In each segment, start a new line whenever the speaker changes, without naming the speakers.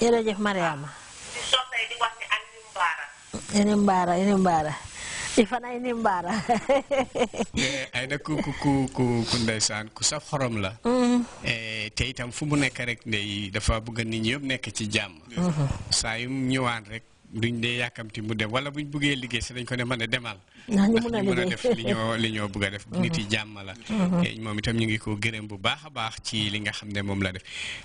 jërëjëf Mariama ini mbaara ini mbaara ifana ini mbaara
ay na ku ku ku ku ndeysaan ku saf xorom la mm-hmm. eh, te itam fu mu nekk rek ndey dafa bëgg nit ñi yëpp nekk ci jàmm mm-hmm. saa ñëwaan rek duñ dee yàkkamti mu dem wala buñ buggee liggéey si dañ ko ne mën a demal ndax ñu mën a def li ñoo li ñoo bugg a def nit yi jàmm la mm-hmm. moom itam ñu ngi ko gërëm bu baax a baax ci li nga xam ne moom la def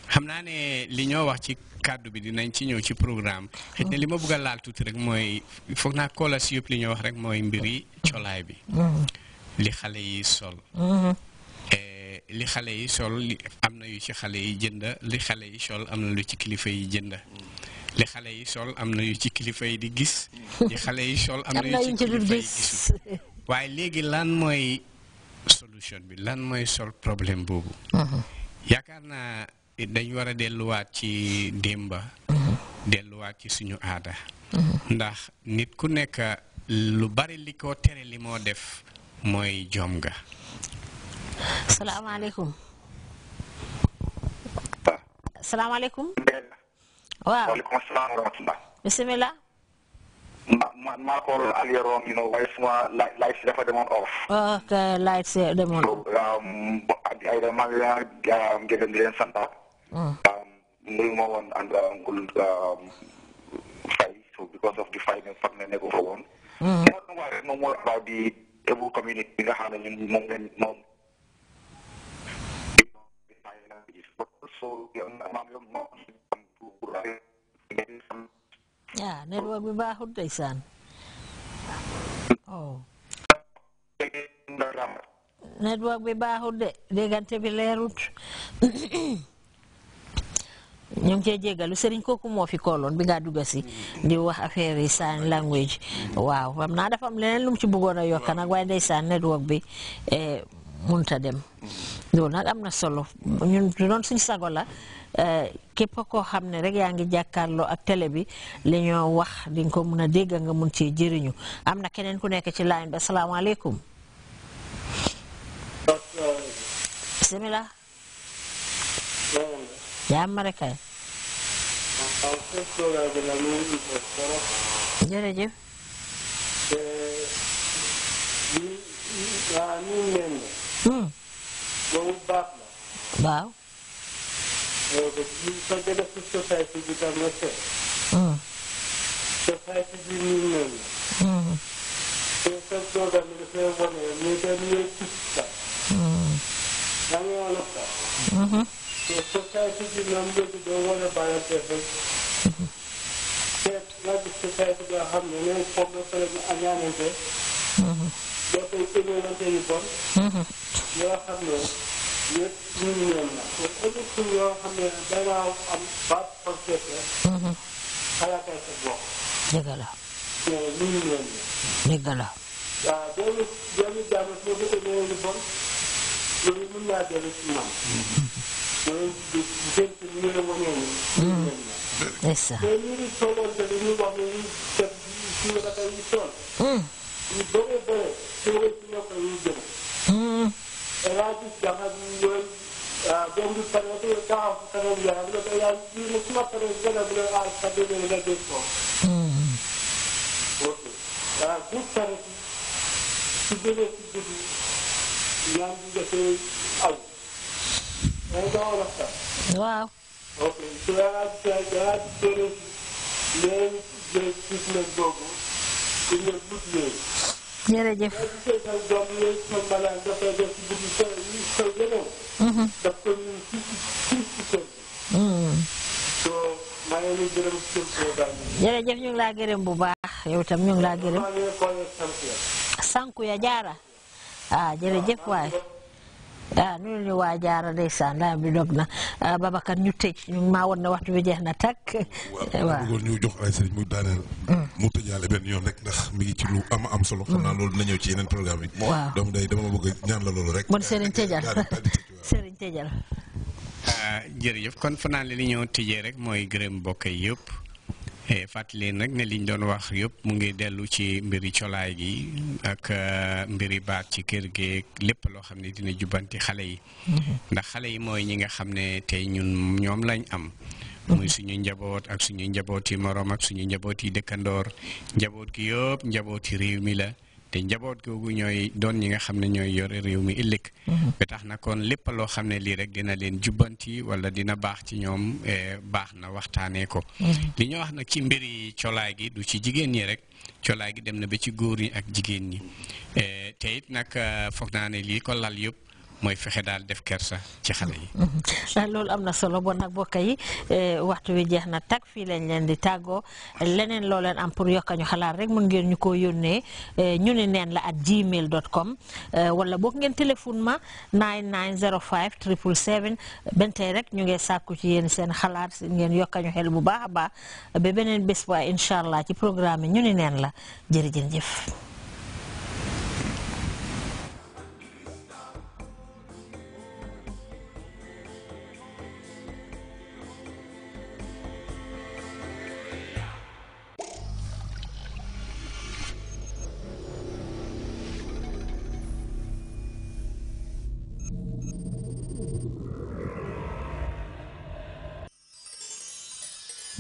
xam naa ne li ñoo wax ci kàddu bi dinañ ci ñëw ci programme xëy na li ma bugg a laal tuuti rek mooy foog naa koola si yëpp li ñoo wax rek mooy mbiri colaay bi mm-hmm. li xale yi sol mm-hmm. eh, li xale yi sol am na yu ci xale yi jënd li xale yi sol lu ci kilifa yi jënd li xale yi sol am na yu ci kilifa yi di gis li xale yi sol am na yu ci kilifa yi gis waaye léegi lan mooy solution bi lan mooy sol problème boobu mhm. yaakaar naa dañ war a delluwaat ci démba mhm. delluwaat ci suñu aada mhm. ndax nit ku nekk lu bari li ko tere li moo def mooy jom ga
salaamaaleykum ah. salaamaaleykum waaw waaleykum salaam wa maa ko Aliou
you know waaye suma lights dafa demoon off.
ok lights demoon.
Um, ay da maa ngi leen gërëm di leen sant. Mm. Um, and uh, ngul um, because of the fay ne fag ne nekko fa woon. Mm. moo about the Ebu community nga xam ne ñun moom ngeen
ah network bi baaxul ndeysaan oh network bi baaxul de déggante bi leerut ñu ngi cee jéggalu sëriñ kooku moo fi kooloon bi nga dugga si di wax afeer yi sign language waaw xam naa defam leneen lu ci bëggoon a yokka nag waaye ndeysaan network bi eh, munta dem loolu nag am na solo ñun doon suñ sago la eh, képp koo xam ne rek yaa ngi jàkkaarloo ak télé bi li ñoo wax di ko mun a dégg nga mun ci jëriñu am na keneen ku nekk ci line bi asalaamaaleykum. bisimilah. yaa ma rek kay. jërëjëf. Hmm. waaw.
bëgg def ci société bi tam na seet. société bi nii noonu la. te sa dogal bi dafay wane ñu dem ñu tis sax. yaa ngi wane sax. te société bi noonu la bi doo wane bàyyi def rek. seet nga gis société bi nga xam ne nee foog nga fële ñu añaanante. doo koy ëñëwante yu bon. yoo xam ne. yëpp la te la.
xalaatal la.
te la. 뭐 스마트를 전화를 아 받으면 내가 됐고. 음. 그렇죠. 아 국가를 그들의 그들이 양국에서 아우. 내가 알았다. 와우. 오케이. 제가 제가 제가 내 제스는 보고 그냥 붙네. jërëjëf. daf ko
Mm. jërëjëf ñu ngi laa gërëm bu baax yow tam ñu ngi laa gërëm sanku ya jaara ah jërëjëf waay ah nunu ñu waa jaara ndeysaan daa bi dog na ah, Babacar ñu tëj ñu maa woon ne wax bi jeex na takk waaw
bëggoon ñu jox ay sëriñ mm. ci am am solo mm. loolu dina ñëw ci yeneen programme yi waaw donc day dama bëgg ñaan la loolu rek
man sëriñ tëjal sëriñ tëjal
Eh, jërëjëf kon fanaan li ñëw tijé rek moy gërëm mbokk yëpp eh, fàttali leen nak ne liñ doon wax yëpp mu ngi déllu ci mbiri cholaay gi ak eh, mbiri baat ci kër gi lépp lo xam dina jubanti xalé yi mm-hmm. ndax xalé yi moy ñi nga xam tay ñun ñom lañ am mm-hmm. muy suñu njaboot ak suñu njaboot yi morom ak suñu njaboot yi dekkandor njaboot gi yëpp njaboot yi réew mi la te njaboot googu ñooy doon ñi nga xam ne ñooy yore réew mi ëllëg mhm. ba tax na kon lépp loo xam ne lii rek dina leen jubbanti wala dina baax ci ñoom e, baax na waxtaanee ko mhm. li ñu wax nag ci mbiri colaa gi du ci jigéen ñi rek colaa gi dem na ba ci góor ñi ak jigéen ñi e, te it nag foog naa ne lii ko lal yëpp mooy fexe daal def kersa ci xale yi.
Mm-hmm. Mm-hmm. loolu am na solo bon nag bokk yi eh, waxtu wi jeex na tag fii lañ leen di tàggoo leneen loo leen am pour yokk ñu xalaat rek mun ngeen ñu ko yónnee eh, ñu ne neen la at gmail dot com eh, wala boog ngeen téléphone ma 9905 777 benn tey rek ñu ngi sàkku ci yéen seen xalaat ngeen yokk ñu xel bu baax a baax ba beneen bés bu baax incha allah ci programme yi ñu ne neen la jëf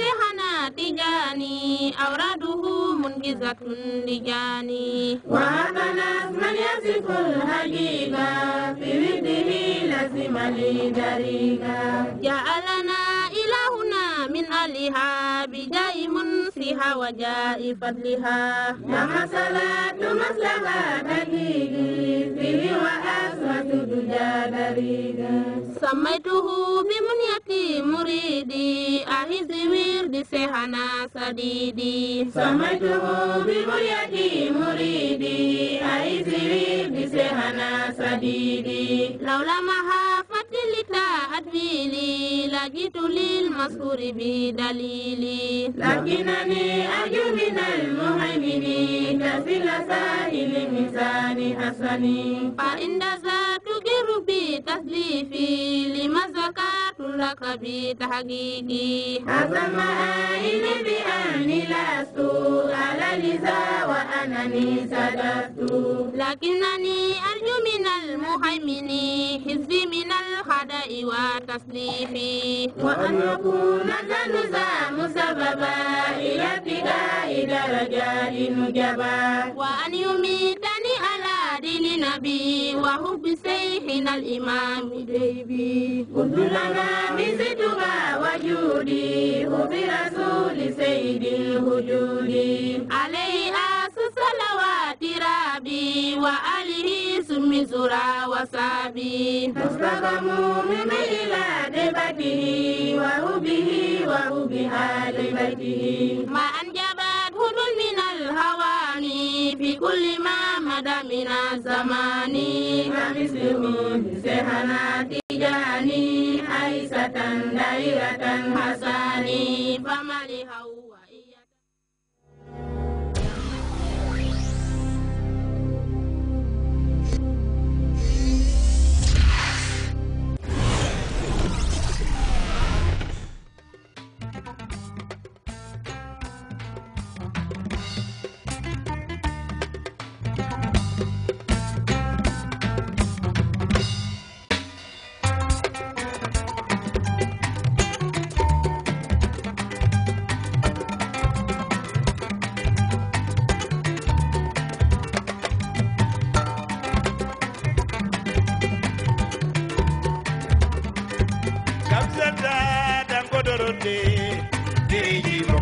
شيخنا تجاني أوراده منجزة لجاني وأبنت من يصف الحقيقة في وده لازم لي دريقة جعلنا من أهلها بجاي منسها وجاء فضلها لما صلاة مسلها بديد فيه وأسوة دجا دريد سميته بمنيتي مريدي أهز ورد سهنا سديدي سميته بمنيتي مريدي أهز ورد سهنا سديدي لولا مها لتأديني لجئت للمذكور بدليلي لكنني أرجو من المهيمن كسل سائل ميزان حسني فإن دزات تجر بتسليفي لما زكاة لك بتحقيقي حسم آئل بأني لست على لساني أنني سلفت لكنني أرجو من المهيمن حزبي من الخداع والتصريف وأن يكون سنزام سببا إلى ابتداء درجاء نجبا وأن يميتني على دين نبي وحب سيحنا الإمام ديبي كنت لنا بزدها وجودي وبرسول سيد الوجود عليه صلوات ربي وآله سم زرا وصابي فاصطدموا من إلى دبته وهبه وهبها دبته ما أنجبته من الهوان في كل ما مدى من الزمان فمثله سهنا جاني حيسة دائرة حساني فما لهوى
Digi Digimon.